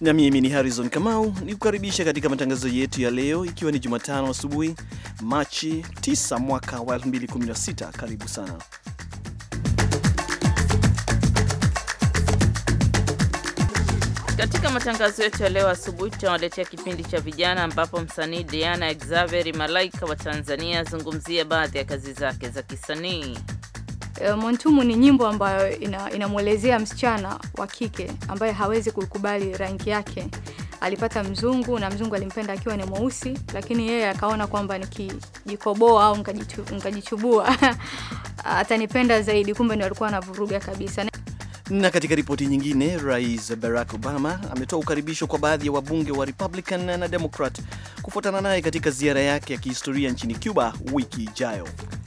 na mimi ni Harrison Kamau ni kukaribisha katika matangazo yetu ya leo, ikiwa ni Jumatano asubuhi Machi 9 mwaka wa 2016. Karibu sana katika matangazo yetu ya leo asubuhi. Tutawaletea kipindi cha vijana, ambapo msanii Diana Exaveri Malaika wa Tanzania azungumzia baadhi ya kazi zake za kisanii. Eh, Montumu ni nyimbo ambayo inamwelezea ina msichana wa kike ambaye hawezi kukubali rangi yake. Alipata mzungu na mzungu alimpenda akiwa ni mweusi, lakini yeye akaona kwamba nikijikoboa au nikajichubua atanipenda zaidi, kumbe ndio alikuwa anavuruga kabisa. Na katika ripoti nyingine, Rais Barack Obama ametoa ukaribisho kwa baadhi ya wa wabunge wa Republican na Democrat kufuatana naye katika ziara yake ya kihistoria nchini Cuba wiki ijayo.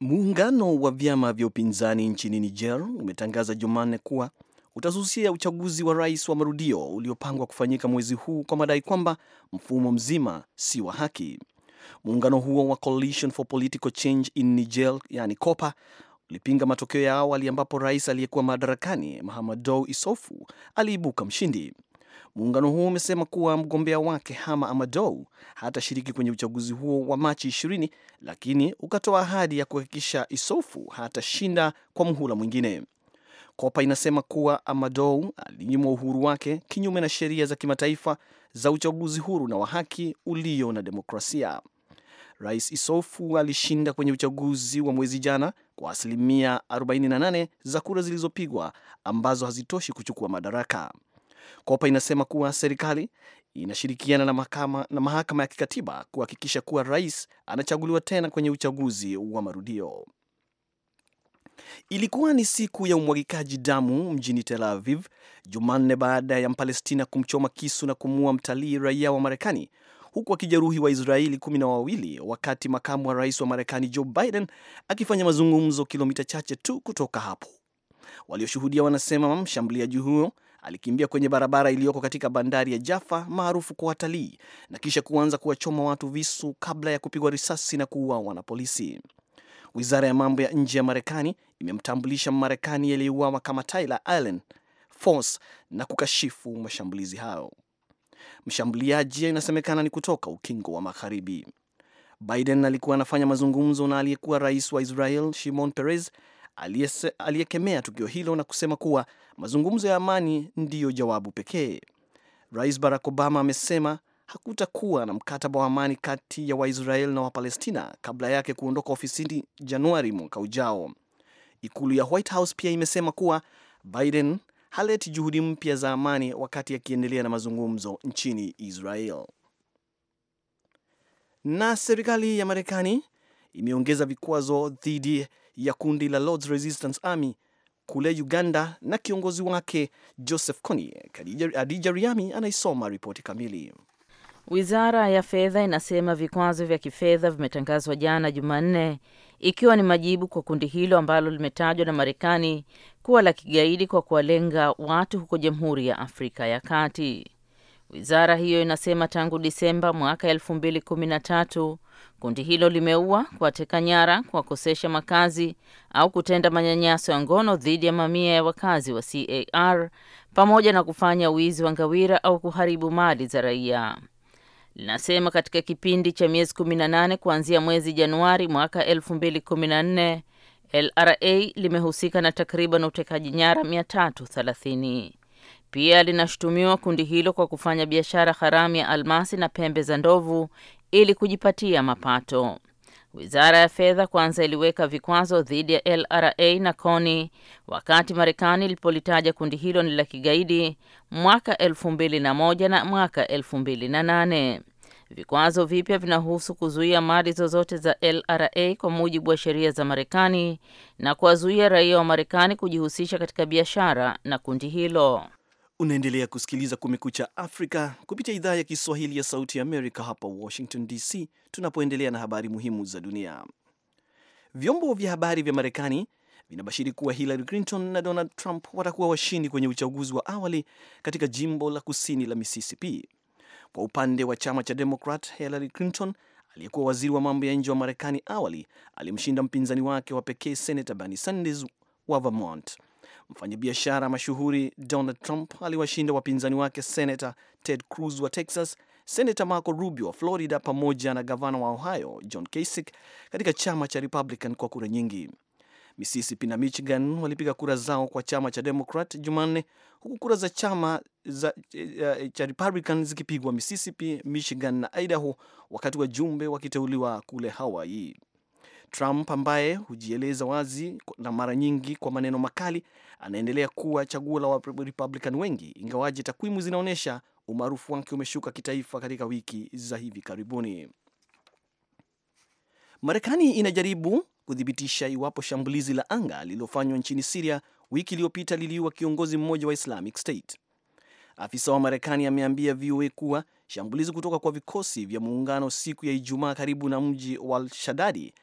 Muungano wa vyama vya upinzani nchini Niger umetangaza Jumanne kuwa utasusia uchaguzi wa rais wa marudio uliopangwa kufanyika mwezi huu kwa madai kwamba mfumo mzima si wa haki. Muungano huo wa Coalition for Political Change in Niger, yani COPA, ulipinga matokeo ya awali ambapo rais aliyekuwa madarakani Mahamadou Issoufou aliibuka mshindi. Muungano huo umesema kuwa mgombea wake Hama Amadou hatashiriki kwenye uchaguzi huo wa Machi 20 lakini ukatoa ahadi ya kuhakikisha Isofu hatashinda kwa muhula mwingine. Kopa inasema kuwa Amadou alinyimwa uhuru wake kinyume na sheria za kimataifa za uchaguzi huru na wa haki ulio na demokrasia. Rais Isofu alishinda kwenye uchaguzi wa mwezi jana kwa asilimia 48 za kura zilizopigwa ambazo hazitoshi kuchukua madaraka. Kopa inasema kuwa serikali inashirikiana na mahakama, na mahakama ya kikatiba kuhakikisha kuwa rais anachaguliwa tena kwenye uchaguzi wa marudio. Ilikuwa ni siku ya umwagikaji damu mjini Tel Aviv Jumanne baada ya Mpalestina kumchoma kisu na kumuua mtalii raia wa Marekani huku akijeruhi Waisraeli kumi na wawili wakati makamu wa rais wa Marekani Joe Biden akifanya mazungumzo kilomita chache tu kutoka hapo. Walioshuhudia wanasema mshambuliaji huyo alikimbia kwenye barabara iliyoko katika bandari ya Jaffa maarufu kwa watalii na kisha kuanza kuwachoma watu visu kabla ya kupigwa risasi na kuuawa na polisi. Wizara ya mambo ya nje ya Marekani imemtambulisha marekani aliyeuawa kama Tyler Allen Force na kukashifu mashambulizi hayo. Mshambuliaji inasemekana ni kutoka ukingo wa Magharibi. Biden alikuwa anafanya mazungumzo na aliyekuwa rais wa Israel Shimon Peres aliyekemea tukio hilo na kusema kuwa mazungumzo ya amani ndiyo jawabu pekee. Rais Barack Obama amesema hakutakuwa na mkataba wa amani kati ya waisrael na Wapalestina kabla yake kuondoka ofisini Januari mwaka ujao. Ikulu ya White House pia imesema kuwa Biden haleti juhudi mpya za amani wakati akiendelea na mazungumzo nchini Israel. Na serikali ya Marekani imeongeza vikwazo dhidi ya kundi la Lords Resistance Army kule Uganda na kiongozi wake Joseph Kony. Adija Riami anaisoma ripoti kamili. Wizara ya fedha inasema vikwazo vya kifedha vimetangazwa jana Jumanne, ikiwa ni majibu kwa kundi hilo ambalo limetajwa na Marekani kuwa la kigaidi kwa kuwalenga watu huko Jamhuri ya Afrika ya Kati. Wizara hiyo inasema tangu Disemba mwaka 2013 Kundi hilo limeua, kuwateka nyara, kuwakosesha makazi au kutenda manyanyaso ya ngono dhidi ya mamia ya wakazi wa CAR pamoja na kufanya wizi wa ngawira au kuharibu mali za raia. Linasema katika kipindi cha miezi 18 kuanzia mwezi Januari mwaka 2014 LRA limehusika na takriban utekaji nyara 330. Pia linashutumiwa kundi hilo kwa kufanya biashara haramu ya almasi na pembe za ndovu ili kujipatia mapato. Wizara ya fedha kwanza iliweka vikwazo dhidi ya LRA na coni wakati Marekani ilipolitaja kundi hilo ni la kigaidi mwaka 2001 na mwaka 2008. Vikwazo vipya vinahusu kuzuia mali zozote za LRA kwa mujibu wa sheria za Marekani na kuwazuia raia wa Marekani kujihusisha katika biashara na kundi hilo. Unaendelea kusikiliza Kumekucha Afrika kupitia idhaa ya Kiswahili ya Sauti ya Amerika hapa Washington DC, tunapoendelea na habari muhimu za dunia. Vyombo vya habari vya Marekani vinabashiri kuwa Hillary Clinton na Donald Trump watakuwa washindi kwenye uchaguzi wa awali katika jimbo la kusini la Mississippi. Kwa upande wa chama cha Demokrat, Hillary Clinton aliyekuwa waziri wa mambo ya nje wa Marekani awali alimshinda mpinzani wake wa pekee Senata Bernie Sanders wa Vermont. Mfanyabiashara mashuhuri Donald Trump aliwashinda wapinzani wake Senator Ted Cruz wa Texas, Senator Marco Rubio wa Florida pamoja na gavana wa Ohio John Kasich katika chama cha Republican kwa kura nyingi. Mississippi na Michigan walipiga kura zao kwa chama cha Democrat Jumanne, huku kura za chama za, uh, cha Republican zikipigwa Mississippi, Michigan na Idaho, wakati wajumbe wakiteuliwa kule Hawaii. Trump ambaye hujieleza wazi na mara nyingi kwa maneno makali, anaendelea kuwa chaguo la Republican wengi, ingawaje takwimu zinaonyesha umaarufu wake umeshuka kitaifa katika wiki za hivi karibuni. Marekani inajaribu kuthibitisha iwapo shambulizi la anga lililofanywa nchini Siria wiki iliyopita liliua kiongozi mmoja wa Islamic State. Afisa wa Marekani ameambia VOA kuwa shambulizi kutoka kwa vikosi vya muungano siku ya Ijumaa karibu na mji wa Al-Shadadi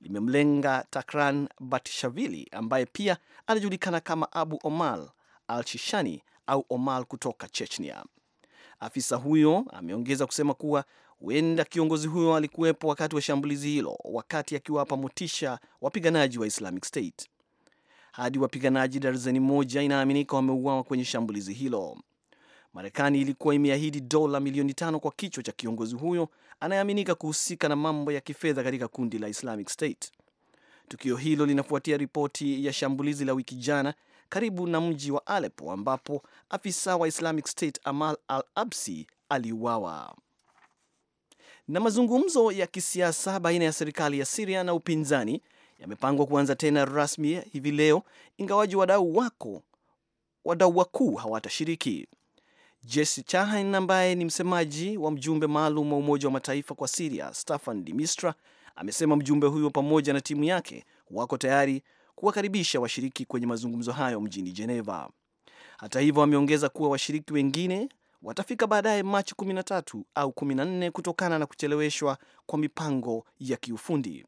limemlenga Takran Batishavili ambaye pia anajulikana kama Abu Omal al-Shishani au Omal kutoka Chechnia. Afisa huyo ameongeza kusema kuwa huenda kiongozi huyo alikuwepo wakati wa shambulizi hilo, wakati akiwapa motisha wapiganaji wa Islamic State. Hadi wapiganaji darzeni moja inaaminika wameuawa kwenye shambulizi hilo. Marekani ilikuwa imeahidi dola milioni tano kwa kichwa cha kiongozi huyo anayeaminika kuhusika na mambo ya kifedha katika kundi la Islamic State. Tukio hilo linafuatia ripoti ya shambulizi la wiki jana karibu na mji wa Aleppo ambapo afisa wa Islamic State Amal al-Absi aliuawa. Na mazungumzo ya kisiasa baina ya serikali ya Syria na upinzani yamepangwa kuanza tena rasmi hivi leo, ingawaji wadau wako wadau wakuu hawatashiriki. Jesse Chahan ambaye ni msemaji wa mjumbe maalum wa Umoja wa Mataifa kwa Siria Staffan de Mistra amesema mjumbe huyo pamoja na timu yake wako tayari kuwakaribisha washiriki kwenye mazungumzo hayo mjini Geneva. Hata hivyo, ameongeza kuwa washiriki wengine watafika baadaye Machi 13 au 14 kutokana na kucheleweshwa kwa mipango ya kiufundi.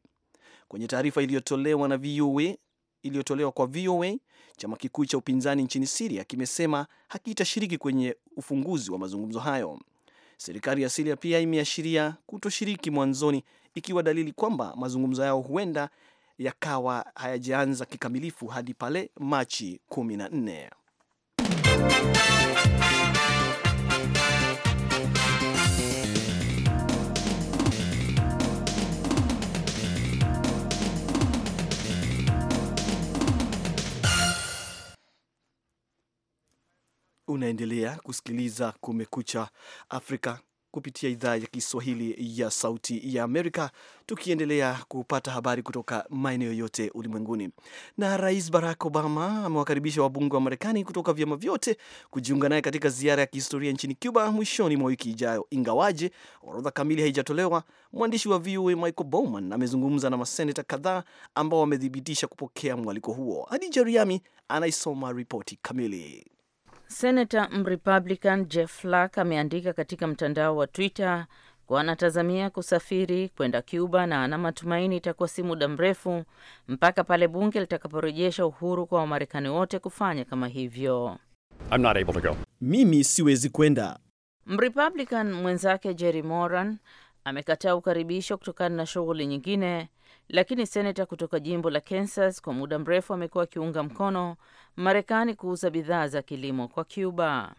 Kwenye taarifa iliyotolewa na VOA iliyotolewa kwa VOA, chama kikuu cha upinzani nchini Siria kimesema hakitashiriki kwenye ufunguzi wa mazungumzo hayo. Serikali ya Siria pia imeashiria kutoshiriki mwanzoni, ikiwa dalili kwamba mazungumzo yao huenda yakawa hayajaanza kikamilifu hadi pale Machi 14. Unaendelea kusikiliza Kumekucha Afrika kupitia idhaa ya Kiswahili ya Sauti ya Amerika, tukiendelea kupata habari kutoka maeneo yote ulimwenguni. Na Rais Barack Obama amewakaribisha wabunge wa Marekani kutoka vyama vyote kujiunga naye katika ziara ya kihistoria nchini Cuba mwishoni mwa wiki ijayo, ingawaje orodha kamili haijatolewa. Mwandishi wa VOA Michael Bowman amezungumza na maseneta kadhaa ambao wamethibitisha kupokea mwaliko huo. Hadija Riami anaisoma ripoti kamili. Senata Mrepublican Jeff Flake ameandika katika mtandao wa Twitter kuwa anatazamia kusafiri kwenda Cuba na ana matumaini itakuwa si muda mrefu mpaka pale bunge litakaporejesha uhuru kwa Wamarekani wote kufanya kama hivyo. I'm not able to go. Mimi siwezi kwenda. Mrepublican mwenzake Jerry Moran amekataa ukaribisho kutokana na shughuli nyingine, lakini seneta kutoka jimbo la Kansas kwa muda mrefu amekuwa akiunga mkono Marekani kuuza bidhaa za kilimo kwa Cuba.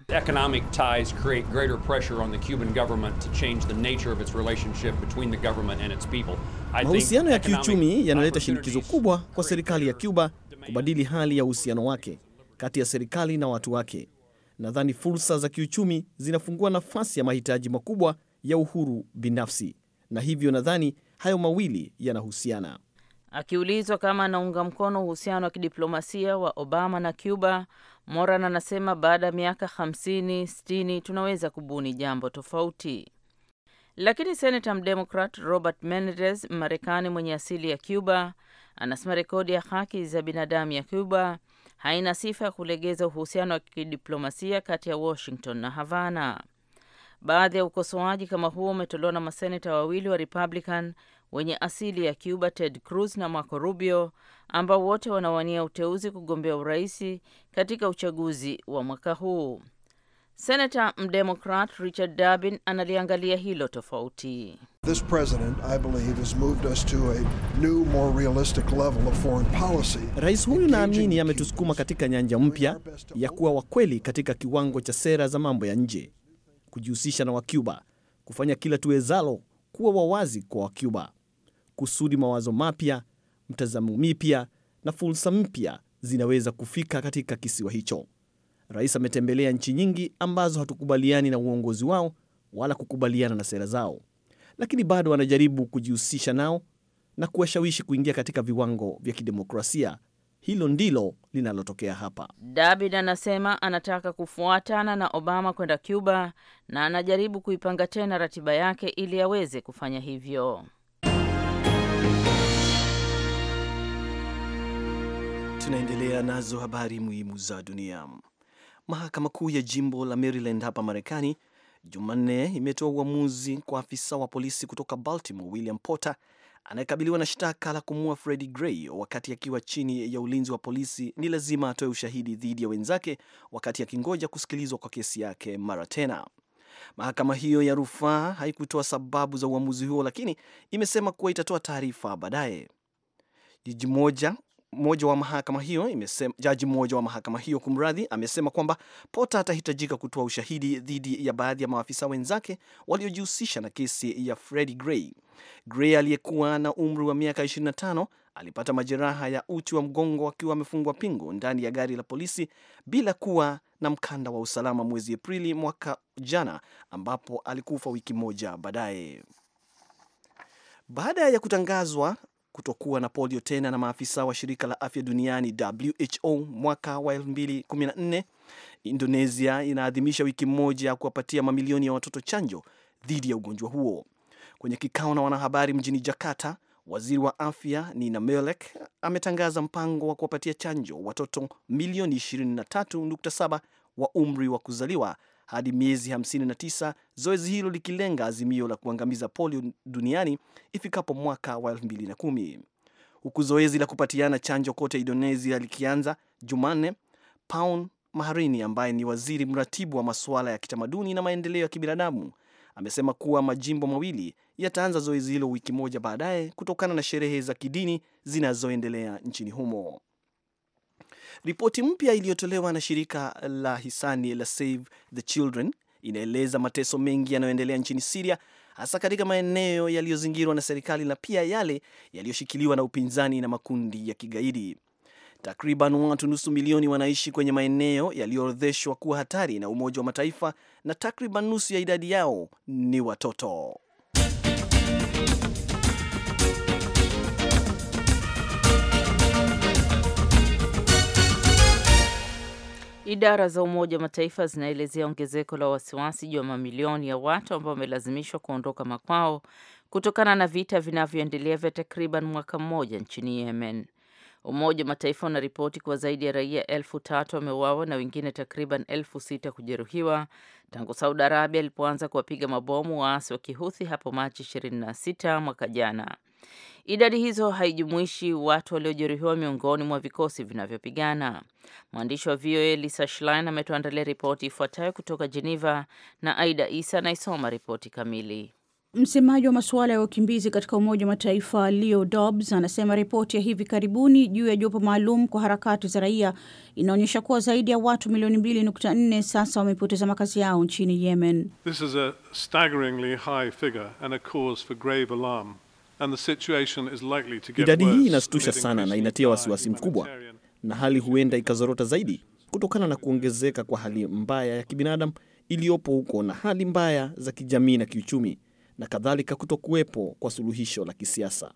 Mahusiano ya kiuchumi yanaleta shinikizo kubwa kwa serikali ya Cuba kubadili hali ya uhusiano wake kati ya serikali na watu wake. Nadhani fursa za kiuchumi zinafungua nafasi ya mahitaji makubwa ya uhuru binafsi, na hivyo nadhani hayo mawili yanahusiana. Akiulizwa kama anaunga mkono uhusiano wa kidiplomasia wa Obama na Cuba, Moran anasema baada ya miaka 50 60 tunaweza kubuni jambo tofauti. Lakini senata mdemokrat Robert Menendez, Marekani mwenye asili ya Cuba, anasema rekodi ya haki za binadamu ya Cuba haina sifa ya kulegeza uhusiano wa kidiplomasia kati ya Washington na Havana. Baadhi ya ukosoaji kama huo umetolewa na maseneta wawili wa Republican wenye asili ya Cuba, Ted Cruz na Marco Rubio, ambao wote wanawania uteuzi kugombea uraisi katika uchaguzi wa mwaka huu. Senata mdemokrat Richard Durbin analiangalia hilo tofauti. This president, I believe, has moved us to a new, more realistic level of foreign policy. Rais huyu naamini ametusukuma katika nyanja mpya ya kuwa wakweli katika kiwango cha sera za mambo ya nje kujihusisha na Wacuba, kufanya kila tuwezalo kuwa wawazi kwa Wacuba kusudi mawazo mapya, mtazamo mipya na fursa mpya zinaweza kufika katika kisiwa hicho. Rais ametembelea nchi nyingi ambazo hatukubaliani na uongozi wao wala kukubaliana na sera zao, lakini bado anajaribu kujihusisha nao na kuwashawishi kuingia katika viwango vya kidemokrasia hilo ndilo linalotokea hapa. David anasema anataka kufuatana na Obama kwenda Cuba na anajaribu kuipanga tena ratiba yake ili aweze kufanya hivyo. Tunaendelea nazo habari muhimu za dunia. Mahakama Kuu ya jimbo la Maryland hapa Marekani Jumanne imetoa uamuzi kwa afisa wa polisi kutoka Baltimore William Potter anayekabiliwa na shtaka la kumua Freddie Gray wakati akiwa chini ya ulinzi wa polisi ni lazima atoe ushahidi dhidi ya wenzake wakati akingoja kusikilizwa kwa kesi yake mara tena. Mahakama hiyo ya rufaa haikutoa sababu za uamuzi huo, lakini imesema kuwa itatoa taarifa baadaye. Jiji moja mmoja wa mahakama hiyo imesema, jaji mmoja wa mahakama hiyo kumradhi, amesema kwamba pota atahitajika kutoa ushahidi dhidi ya baadhi ya maafisa wenzake waliojihusisha na kesi ya Freddie Gray. Gray aliyekuwa na umri wa miaka 25 alipata majeraha ya uti wa mgongo akiwa amefungwa pingu ndani ya gari la polisi bila kuwa na mkanda wa usalama mwezi Aprili mwaka jana, ambapo alikufa wiki moja baadaye. Baada ya kutangazwa kutokuwa na polio tena na maafisa wa shirika la afya duniani WHO mwaka wa 2014, Indonesia inaadhimisha wiki moja ya kuwapatia mamilioni ya watoto chanjo dhidi ya ugonjwa huo. Kwenye kikao na wanahabari mjini Jakarta, waziri wa afya Nina Melek ametangaza mpango wa kuwapatia chanjo watoto milioni 23.7 wa umri wa kuzaliwa hadi miezi 59, zoezi hilo likilenga azimio la kuangamiza polio duniani ifikapo mwaka wa 2010. Huku zoezi la kupatiana chanjo kote Indonesia likianza Jumanne, Paun Maharini ambaye ni waziri mratibu wa masuala ya kitamaduni na maendeleo ya kibinadamu amesema kuwa majimbo mawili yataanza zoezi hilo wiki moja baadaye kutokana na sherehe za kidini zinazoendelea nchini humo. Ripoti mpya iliyotolewa na shirika la hisani la Save the Children inaeleza mateso mengi yanayoendelea nchini Siria, hasa katika maeneo yaliyozingirwa na serikali na pia yale yaliyoshikiliwa na upinzani na makundi ya kigaidi. Takriban watu nusu milioni wanaishi kwenye maeneo yaliyoorodheshwa kuwa hatari na Umoja wa Mataifa, na takriban nusu ya idadi yao ni watoto. Idara za Umoja wa Mataifa zinaelezea ongezeko la wasiwasi juu ya mamilioni ya watu ambao wamelazimishwa kuondoka makwao kutokana na vita vinavyoendelea vya takriban mwaka mmoja nchini Yemen. Umoja wa Mataifa unaripoti kuwa zaidi ya raia elfu tatu wameuawa na wengine takriban elfu sita kujeruhiwa tangu Saudi Arabia ilipoanza kuwapiga mabomu waasi wa Kihuthi hapo Machi 26 mwaka jana. Idadi hizo haijumuishi watu waliojeruhiwa miongoni mwa vikosi vinavyopigana. Mwandishi wa VOA Lisa Schlein ametuandalia ripoti ifuatayo kutoka Geneva na Aida Isa anaisoma ripoti kamili. Msemaji wa masuala ya wakimbizi katika Umoja wa Mataifa Leo Dobbs anasema ripoti ya hivi karibuni juu ya jopo maalum kwa harakati za raia inaonyesha kuwa zaidi ya watu milioni 2.4 sasa wamepoteza makazi yao nchini Yemen. This is a staggeringly high figure and a cause for grave alarm. Idadi hii inashtusha sana na inatia wasiwasi mkubwa, na hali huenda ikazorota zaidi kutokana na kuongezeka kwa hali mbaya ya kibinadamu iliyopo huko na hali mbaya za kijamii na kiuchumi na kadhalika, kutokuwepo kwa suluhisho la kisiasa.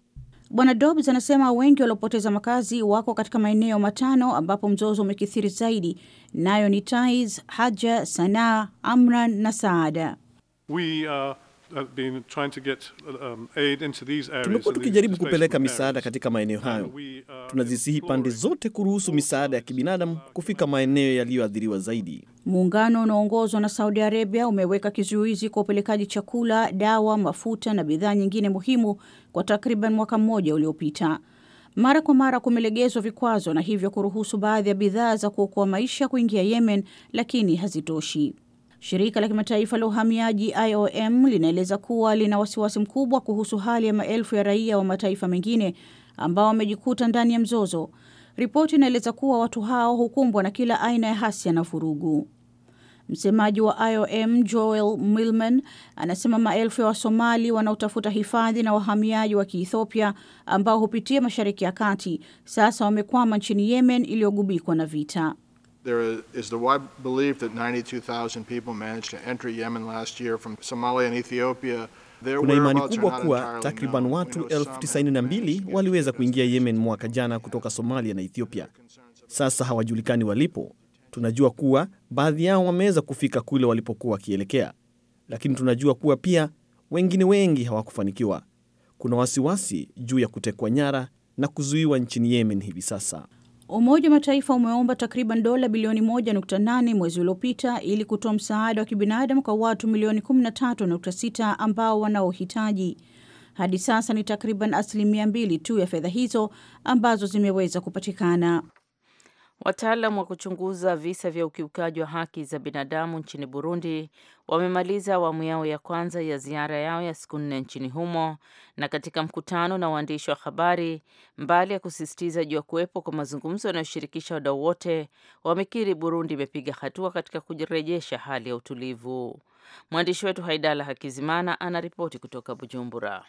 Bwana Dobbs anasema wengi waliopoteza makazi wako katika maeneo matano ambapo mzozo umekithiri zaidi, nayo ni Taiz, Haja, Sanaa, Amran na Saada. We, uh... Um, Tumekuwa tukijaribu kupeleka misaada katika maeneo hayo. Uh, Tunazisihi pande zote kuruhusu misaada ya kibinadamu uh, kufika maeneo yaliyoathiriwa zaidi. Muungano unaoongozwa na Saudi Arabia umeweka kizuizi kwa upelekaji chakula, dawa, mafuta na bidhaa nyingine muhimu kwa takriban mwaka mmoja uliopita. Mara kwa mara kumelegezwa vikwazo na hivyo kuruhusu baadhi ya bidhaa za kuokoa maisha kuingia Yemen, lakini hazitoshi. Shirika la kimataifa la uhamiaji IOM linaeleza kuwa lina wasiwasi mkubwa kuhusu hali ya maelfu ya raia wa mataifa mengine ambao wamejikuta ndani ya mzozo. Ripoti inaeleza kuwa watu hao hukumbwa na kila aina ya hasia na vurugu. Msemaji wa IOM Joel milman anasema maelfu ya Wasomali wanaotafuta hifadhi na wahamiaji wa Kiethiopia ambao hupitia Mashariki ya Kati sasa wamekwama nchini Yemen iliyogubikwa na vita. There is the wide belief that 92,000 people managed to enter Yemen last year from Somalia and Ethiopia. Kuna imani kubwa kuwa takriban watu elfu waliweza kuingia Yemen mwaka jana kutoka Somalia na Ethiopia. Sasa hawajulikani walipo. Tunajua kuwa baadhi yao wameweza kufika kule walipokuwa wakielekea, lakini tunajua kuwa pia wengine wengi hawakufanikiwa. Kuna wasiwasi juu ya kutekwa nyara na kuzuiwa nchini Yemen hivi sasa. Umoja wa Mataifa umeomba takriban dola bilioni 1.8 mwezi uliopita ili kutoa msaada wa kibinadamu kwa watu milioni 13.6 ambao wanaohitaji. Hadi sasa ni takriban asilimia mbili tu ya fedha hizo ambazo zimeweza kupatikana. Wataalam wa kuchunguza visa vya ukiukaji wa haki za binadamu nchini Burundi wamemaliza awamu yao ya kwanza ya ziara yao ya siku nne nchini humo. Na katika mkutano na waandishi wa habari, mbali ya kusisitiza juu ya kuwepo kwa mazungumzo yanayoshirikisha wadau wote, wamekiri Burundi imepiga hatua katika kurejesha hali ya utulivu. Mwandishi wetu Haidala Hakizimana anaripoti kutoka Bujumbura.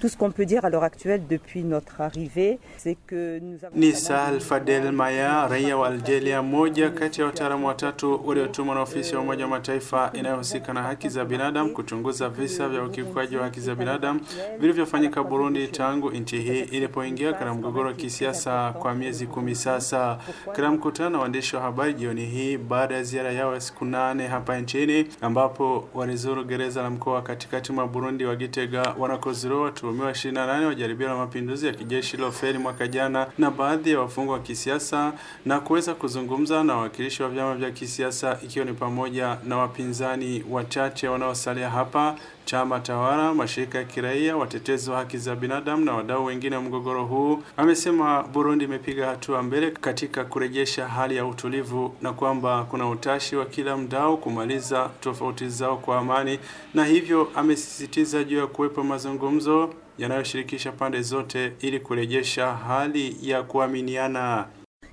Tout ce qu'on peut dire à l'heure actuelle depuis notre arrivée, c'est que nous avons... Ni al Fadel Maya, raia wa Algeria, mmoja kati ya wataalamu watatu waliotumwa na ofisi ya Umoja wa Mataifa inayohusika na haki za binadamu kuchunguza visa vya ukiukwaji wa haki za binadamu vilivyofanyika Burundi tangu nchi hii ilipoingia katika mgogoro wa kisiasa kwa miezi kumi sasa. Katika mkutano na waandishi wa habari jioni hii baada ya ziara yao ya siku nane hapa nchini ambapo walizuru gereza la mkoa katikati mwa Burundi wa Gitega wanakozuru watu watuhumiwa 28 wa jaribio la mapinduzi ya kijeshi lilofeli mwaka jana na baadhi ya wafungwa wa kisiasa na kuweza kuzungumza na wawakilishi wa vyama vya kisiasa ikiwa ni pamoja na wapinzani wachache wanaosalia hapa chama tawala, mashirika ya kiraia, watetezi wa haki za binadamu na wadau wengine wa mgogoro huu, amesema Burundi imepiga hatua mbele katika kurejesha hali ya utulivu na kwamba kuna utashi wa kila mdau kumaliza tofauti zao kwa amani, na hivyo amesisitiza juu ya kuwepo mazungumzo yanayoshirikisha pande zote ili kurejesha hali ya kuaminiana.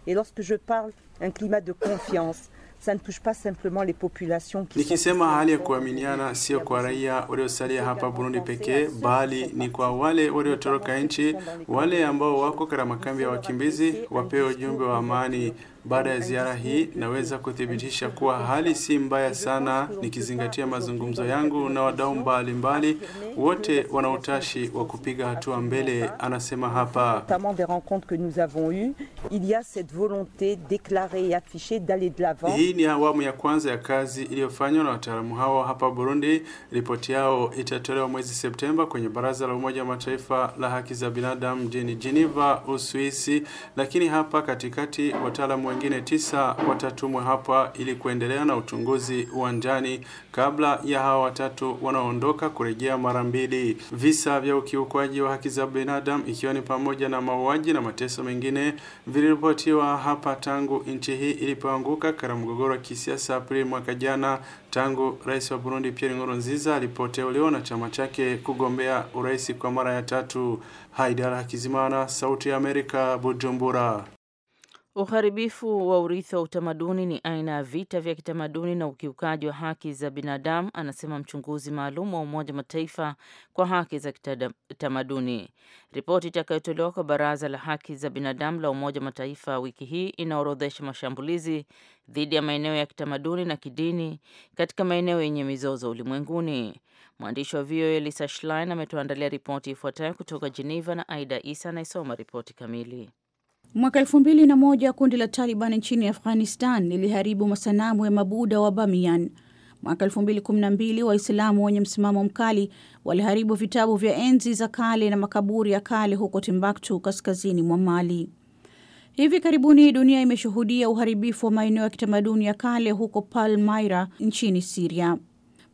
Et lorsque je parle un climat de confiance ça ne touche pas simplement les populations qui Nikisema hali ya kuaminiana sio kwa raia waliosalia hapa Burundi pekee, bali ni kwa wale waliotoroka nchi, wale ambao wako katika makambi ya wakimbizi, wapewe ujumbe wa amani. Baada ya ziara hii, naweza kuthibitisha kuwa hali si mbaya sana, nikizingatia mazungumzo yangu na wadau mbalimbali, wote wana utashi wa kupiga hatua mbele, anasema hapa. Hii ni awamu ya kwanza ya kazi iliyofanywa na wataalamu hao hapa Burundi. Ripoti yao itatolewa mwezi Septemba kwenye Baraza la Umoja wa Mataifa la Haki za Binadamu mjini Geneva, Uswisi, lakini hapa katikati wataalamu wengine tisa watatumwe hapa ili kuendelea na uchunguzi uwanjani kabla ya hawa watatu wanaoondoka kurejea mara mbili. Visa vya ukiukwaji wa haki za binadamu ikiwa ni pamoja na mauaji na mateso mengine viliripotiwa hapa tangu nchi hii ilipoanguka katika mgogoro wa kisiasa Aprili mwaka jana, tangu rais wa Burundi Pierre Nkurunziza alipoteuliwa na chama chake kugombea urais kwa mara ya tatu. Haidara Hakizimana, Sauti ya Amerika, Bujumbura. Uharibifu wa urithi wa utamaduni ni aina ya vita vya kitamaduni na ukiukaji wa haki za binadamu, anasema mchunguzi maalum wa Umoja wa Mataifa kwa haki za kitamaduni. Ripoti itakayotolewa kwa Baraza la Haki za Binadamu la Umoja wa Mataifa wiki hii inaorodhesha mashambulizi dhidi ya maeneo ya kitamaduni na kidini katika maeneo yenye mizozo ulimwenguni. Mwandishi wa VOA Lisa Schlein ametuandalia ripoti ifuatayo kutoka Geneva na Aida Isa anaisoma ripoti kamili. Mwaka elfu mbili na moja kundi la Taliban nchini Afghanistan liliharibu masanamu ya mabuda wa Bamiyan. Mwaka elfu mbili kumi na mbili Waislamu wenye msimamo mkali waliharibu vitabu vya enzi za kale na makaburi ya kale huko timbaktu kaskazini mwa Mali. Hivi karibuni dunia imeshuhudia uharibifu wa maeneo ya kitamaduni ya kale huko Palmaira nchini Siria.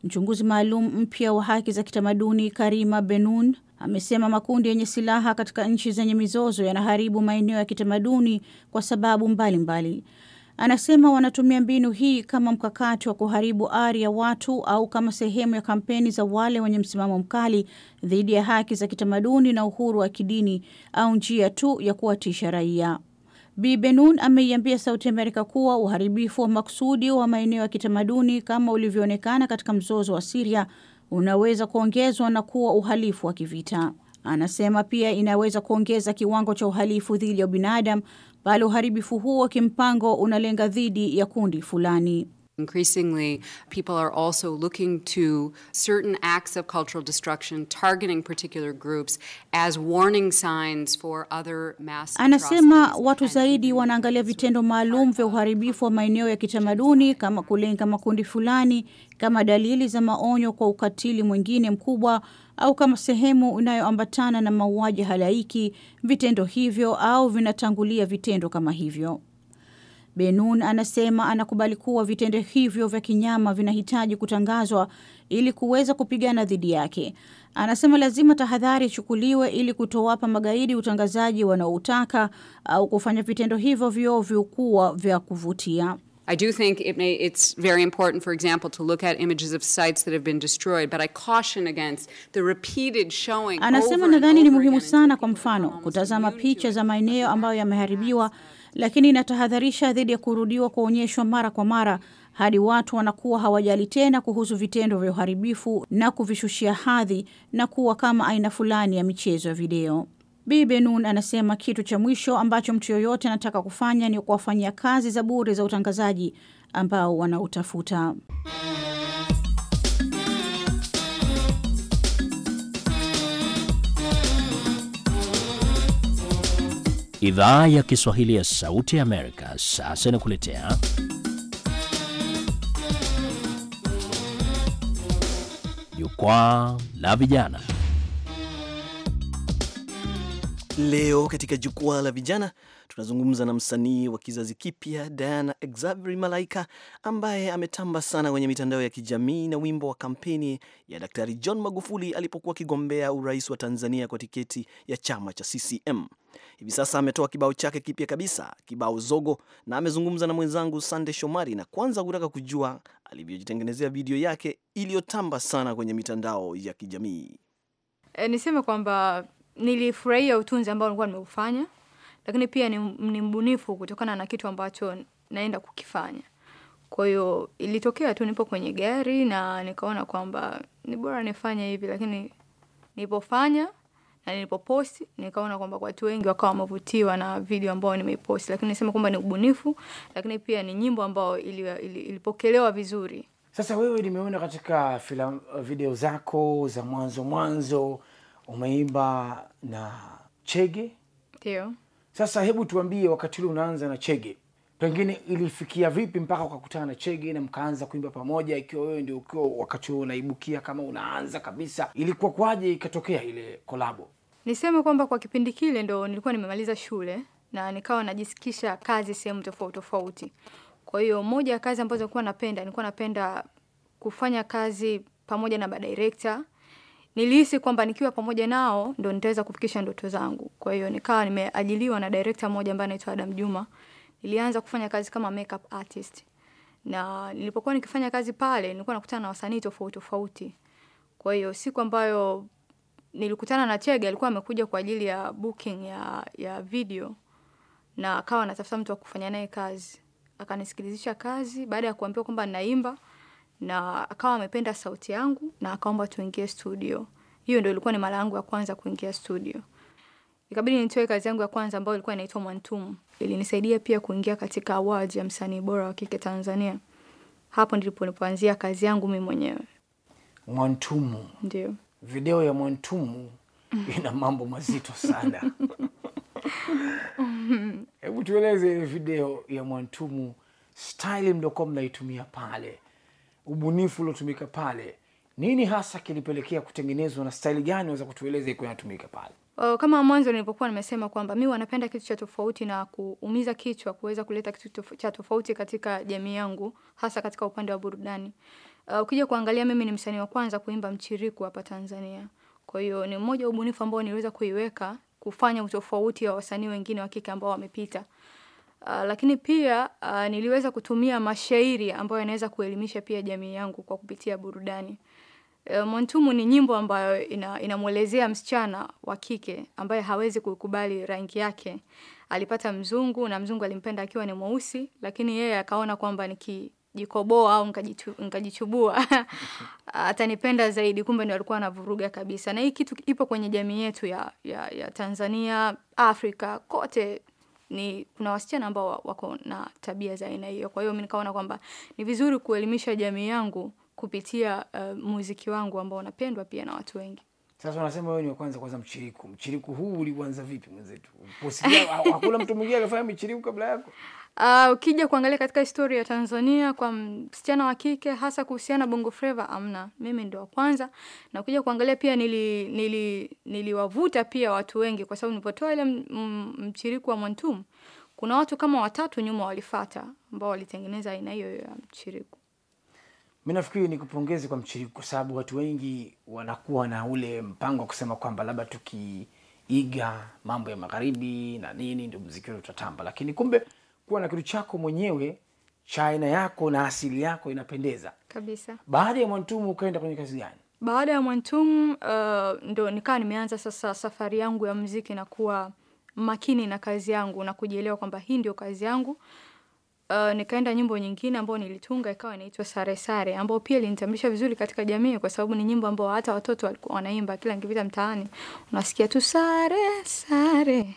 Mchunguzi maalum mpya wa haki za kitamaduni Karima Benun amesema makundi yenye silaha katika nchi zenye mizozo yanaharibu maeneo ya kitamaduni kwa sababu mbalimbali mbali. Anasema wanatumia mbinu hii kama mkakati wa kuharibu ari ya watu au kama sehemu ya kampeni za wale wenye msimamo mkali dhidi ya haki za kitamaduni na uhuru wa kidini au njia tu ya kuwatisha raia. Bi Benun ameiambia Sauti Amerika kuwa uharibifu wa makusudi wa maeneo ya kitamaduni kama ulivyoonekana katika mzozo wa Siria unaweza kuongezwa na kuwa uhalifu wa kivita. Anasema pia inaweza kuongeza kiwango cha uhalifu dhidi ya binadamu pale uharibifu huo kimpango unalenga dhidi ya kundi fulani. Increasingly, people are also looking to certain acts of cultural destruction targeting particular groups as warning signs for other mass. Anasema watu zaidi wanaangalia vitendo maalum vya uharibifu wa maeneo ya kitamaduni kama kulenga makundi fulani kama dalili za maonyo kwa ukatili mwingine mkubwa au kama sehemu inayoambatana na mauaji halaiki. Vitendo hivyo au vinatangulia vitendo kama hivyo. Benun anasema anakubali kuwa vitendo hivyo vya kinyama vinahitaji kutangazwa ili kuweza kupigana dhidi yake. Anasema lazima tahadhari ichukuliwe ili kutowapa magaidi utangazaji wanaoutaka au kufanya vitendo hivyo viovu kuwa vya kuvutia. I do think it may, it's very important, for example, to look at images of sites that have been destroyed, but I caution against the repeated showing. Anasema nadhani ni muhimu sana, kwa mfano, kutazama picha za maeneo ambayo yameharibiwa lakini inatahadharisha dhidi ya kurudiwa kuonyeshwa mara kwa mara hadi watu wanakuwa hawajali tena kuhusu vitendo vya uharibifu na kuvishushia hadhi na kuwa kama aina fulani ya michezo ya video. Bi anasema kitu cha mwisho ambacho mtu yoyote anataka kufanya ni kuwafanyia kazi za bure za utangazaji ambao wanautafuta. Idhaa ya Kiswahili ya Sauti ya Amerika sasa inakuletea Jukwaa la Vijana. Leo katika Jukwaa la Vijana Tunazungumza na msanii wa kizazi kipya Diana Exavery Malaika ambaye ametamba sana kwenye mitandao ya kijamii na wimbo wa kampeni ya Daktari John Magufuli alipokuwa akigombea urais wa Tanzania kwa tiketi ya chama cha CCM. Hivi sasa ametoa kibao chake kipya kabisa, kibao Zogo, na amezungumza na mwenzangu Sande Shomari na kwanza kutaka kujua alivyojitengenezea video yake iliyotamba sana kwenye mitandao ya kijamii. E, niseme kwamba nilifurahia utunzi ambao nilikuwa nimeufanya lakini pia ni, ni mbunifu kutokana na kitu ambacho naenda kukifanya. Kwa hiyo ilitokea tu nipo kwenye gari na nikaona kwamba ni bora nifanye hivi, lakini nilipofanya na nilipoposti nikaona kwamba watu wengi wakawa wamevutiwa na video ambayo nimeiposti, lakini nisema kwamba ni ubunifu, lakini pia ni nyimbo ambayo ilipokelewa vizuri. Sasa wewe, nimeona katika filamu video zako za mwanzo mwanzo umeimba na Chege, ndio sasa hebu tuambie, wakati ule unaanza na Chege, pengine ilifikia vipi mpaka ukakutana na Chege na mkaanza kuimba pamoja, ikiwa wewe ndio ukiwa wakati huo unaibukia kama unaanza kabisa, ilikuwa kwaje ikatokea ile kolabo? Niseme kwamba kwa kipindi kile ndo nilikuwa nimemaliza shule na nikawa najisikisha kazi sehemu tofauti tofauti. Kwa hiyo moja ya kazi ambazo nilikuwa napenda, nilikuwa napenda kufanya kazi pamoja na madirekta nilihisi kwamba nikiwa pamoja nao ndo nitaweza kufikisha ndoto zangu. Kwa hiyo nikawa nimeajiliwa na director mmoja ambaye anaitwa Adam Juma. Nilianza kufanya kazi kama makeup artist. Na nilipokuwa nikifanya kazi pale nilikuwa nakutana na wasanii tofauti tofauti. Kwa hiyo siku ambayo nilikutana na Chege alikuwa amekuja kwa ajili ya booking ya, ya video na akawa anatafuta mtu wa kufanya naye kazi. Akanisikilizisha kazi baada ya kuambiwa kwamba naimba na akawa amependa sauti yangu na akaomba tuingie studio. Hiyo ndio ilikuwa ni mara yangu ya kwanza kuingia studio. Ikabidi nitoe kazi yangu ya kwanza ambayo ilikuwa inaitwa Mwantumu. Ilinisaidia pia kuingia katika awards ya msanii bora wa kike Tanzania. Hapo ndipo nilipoanzia kazi yangu mimi mwenyewe. Mwantumu. Ndio. Video ya Mwantumu ina mambo mazito sana. Hebu tueleze ile video ya Mwantumu, style mliokuwa mnaitumia pale ubunifu uliotumika pale, nini hasa kilipelekea kutengenezwa na staili gani? Unaweza kutueleza iko inatumika pale? Uh, kama mwanzo nilipokuwa nimesema kwamba mi wanapenda kitu cha tofauti na kuumiza kichwa, kuweza kuleta kitu tof cha tofauti katika jamii yangu, hasa katika upande wa burudani. Uh, ukija kuangalia mimi ni msanii wa kwanza kuimba mchiriku hapa Tanzania, kwa hiyo ni mmoja wa ubunifu ambao niliweza kuiweka kufanya utofauti wa wasanii wengine wa kike ambao wamepita. Uh, lakini pia uh, niliweza kutumia mashairi ambayo yanaweza kuelimisha pia jamii yangu kwa kupitia burudani. E, Montumu ni nyimbo ambayo ina, inamwelezea msichana wa kike ambaye hawezi kukubali rangi yake. Alipata mzungu na mzungu alimpenda akiwa ni mweusi, lakini yeye akaona kwamba nikijikoboa au nikajichubua atanipenda zaidi, kumbe ndio alikuwa anavuruga kabisa. Na hii kitu ipo kwenye jamii yetu ya, ya, ya Tanzania, Afrika kote ni kuna wasichana ambao wako na tabia za aina hiyo. Kwa hiyo mi nikaona kwamba ni vizuri kuelimisha jamii yangu kupitia uh, muziki wangu ambao unapendwa pia na watu wengi. Sasa unasema wewe ni wa kwanza kwanza mchiriku. Mchiriku huu uliuanza vipi mwenzetu? Hakuna mtu mwingine alifanya michiriku kabla yako? Uh, ukija kuangalia katika historia ya Tanzania kwa msichana wa kike hasa kuhusiana Bongo Flava amna. Mimi ndio wa kwanza. Na ukija kuangalia pia nili nili niliwavuta pia watu wengi kwa sababu nilipotoa ile mchiriku wa Mwantum. Kuna watu kama watatu nyuma walifata ambao walitengeneza aina hiyo ya mchiriku. Mimi nafikiri ni kupongeze kwa mchiriku kwa sababu watu wengi wanakuwa na ule mpango wa kusema kwamba labda tukiiga mambo ya magharibi na nini ndio muziki wetu tutatamba, lakini kumbe kuwa na kitu chako mwenyewe cha aina yako na asili yako inapendeza kabisa. Baada ya Mwantumu ukaenda kwenye kazi gani? Baada ya Mwantumu uh, ndo nikawa nimeanza sasa safari yangu ya mziki na kuwa makini na kazi yangu na kujielewa kwamba hii ndio kazi yangu Uh, nikaenda nyimbo nyingine ambayo nilitunga ikawa inaitwa Sare Sare ambayo pia ilinitambulisha vizuri katika jamii kwa sababu ni nyimbo ambayo hata watoto walikuwa wanaimba kila nikipita mtaani unasikia tu sare sare.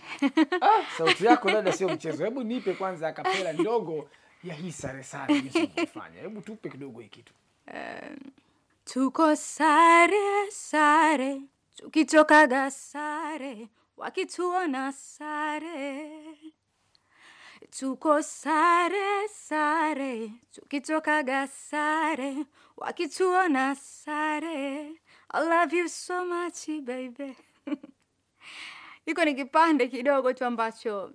Ah, sauti yako dada sio mchezo. Hebu nipe kwanza akapela ndogo ya hii sare sare unafanya. Hebu tupe kidogo hii kitu. Uh, tuko sare sare tukitokaga sare wakituona sare tuko sare sare, tukitokaga sare, wakituona sare. I love you so much baby. Iko ni kipande kidogo tu ambacho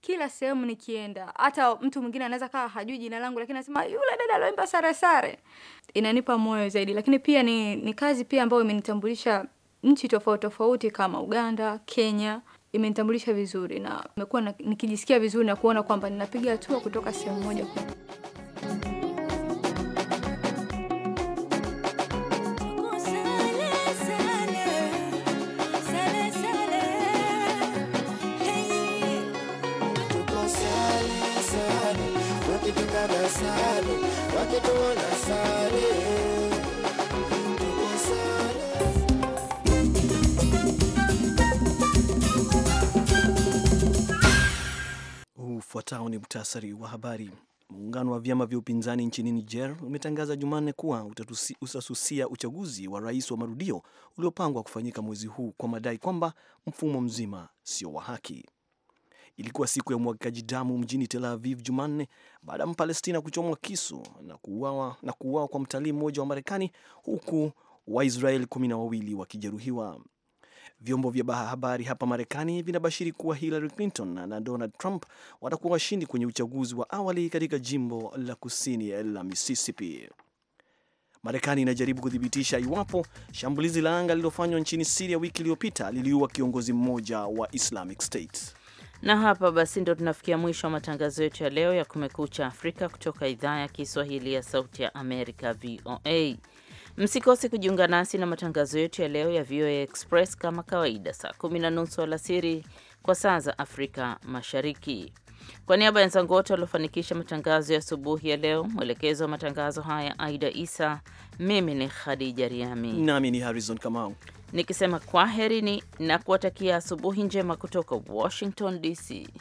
kila sehemu nikienda, hata mtu mwingine anaweza kawa hajui jina langu, lakini anasema yule dada aloimba sare sare, inanipa moyo zaidi. Lakini pia ni, ni kazi pia ambayo imenitambulisha nchi tofauti tofauti kama Uganda, Kenya imenitambulisha vizuri na nimekuwa nikijisikia vizuri na kuona kwamba ninapiga hatua kutoka sehemu moja kwa Yeah. Ufuatao ni muhtasari wa habari. Muungano wa vyama vya upinzani nchini Niger umetangaza Jumanne kuwa utasusia uchaguzi wa rais wa marudio uliopangwa kufanyika mwezi huu kwa madai kwamba mfumo mzima sio wa haki. Ilikuwa siku ya umwagikaji damu mjini Tel Aviv Jumanne baada ya Mpalestina kuchomwa kisu na kuuawa na kuuawa kwa mtalii mmoja wa Marekani huku Waisraeli kumi na wawili wakijeruhiwa. Vyombo vya habari hapa Marekani vinabashiri kuwa Hillary Clinton na Donald Trump watakuwa washindi kwenye uchaguzi wa awali katika jimbo la kusini la Mississippi. Marekani inajaribu kuthibitisha iwapo shambulizi la anga lililofanywa nchini Siria wiki iliyopita liliua kiongozi mmoja wa Islamic State. Na hapa basi ndo tunafikia mwisho wa matangazo yetu ya leo ya Kumekucha Afrika kutoka idhaa ya Kiswahili ya Sauti ya Amerika, VOA. Msikose kujiunga nasi na matangazo yetu ya leo ya VOA Express kama kawaida, saa kumi na nusu alasiri kwa saa za Afrika Mashariki. Kwa niaba ya wenzangu wote waliofanikisha matangazo ya asubuhi ya leo, mwelekezo wa matangazo haya Aida Isa, mimi ni Khadija Riami nami ni Harrison Kamau nikisema kwaherini na kuwatakia asubuhi njema kutoka Washington DC.